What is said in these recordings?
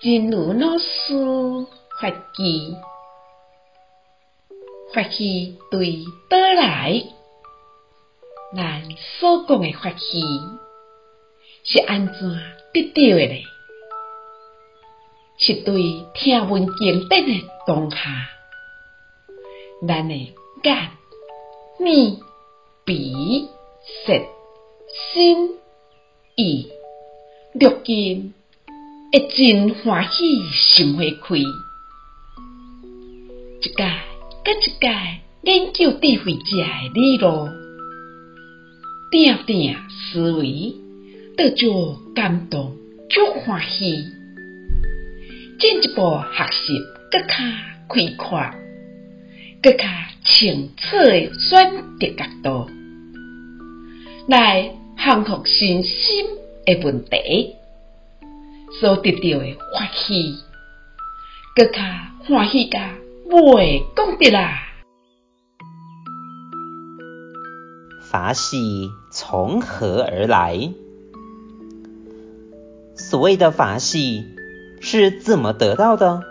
真如老師法喜，法喜對得來，咱所講的法喜是安怎得到的呢？是對聽聞經典的當下，咱的眼、耳、鼻、舌、身、意六根。一盡歡喜心花開，一屆甲一屆研究智慧者誒，理路定定思維都做感動足歡喜，進一步學習擱較開闊，擱較清楚誒選擇角度，來克服身心誒問題。所得到的法喜，更加歡喜個未講得啦。法喜從何而來？所謂的法喜是怎麼得到的？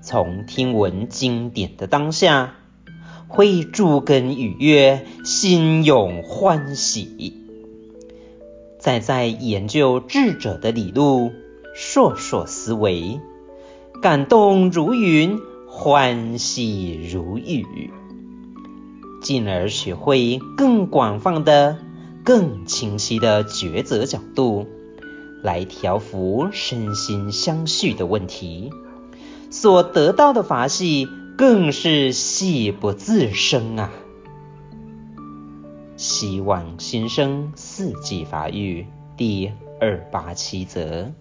從聽聞經典的當下，會諸根愉悅，心湧歡喜。再再，再研究智者的理路，數數思惟，感動如雲，歡喜如雨，進而學會更廣泛的、更清晰的抉擇角度，來調伏身心相續的問題，所得到的法喜更是喜不自勝啊！希望新生四季法語，第二八七則。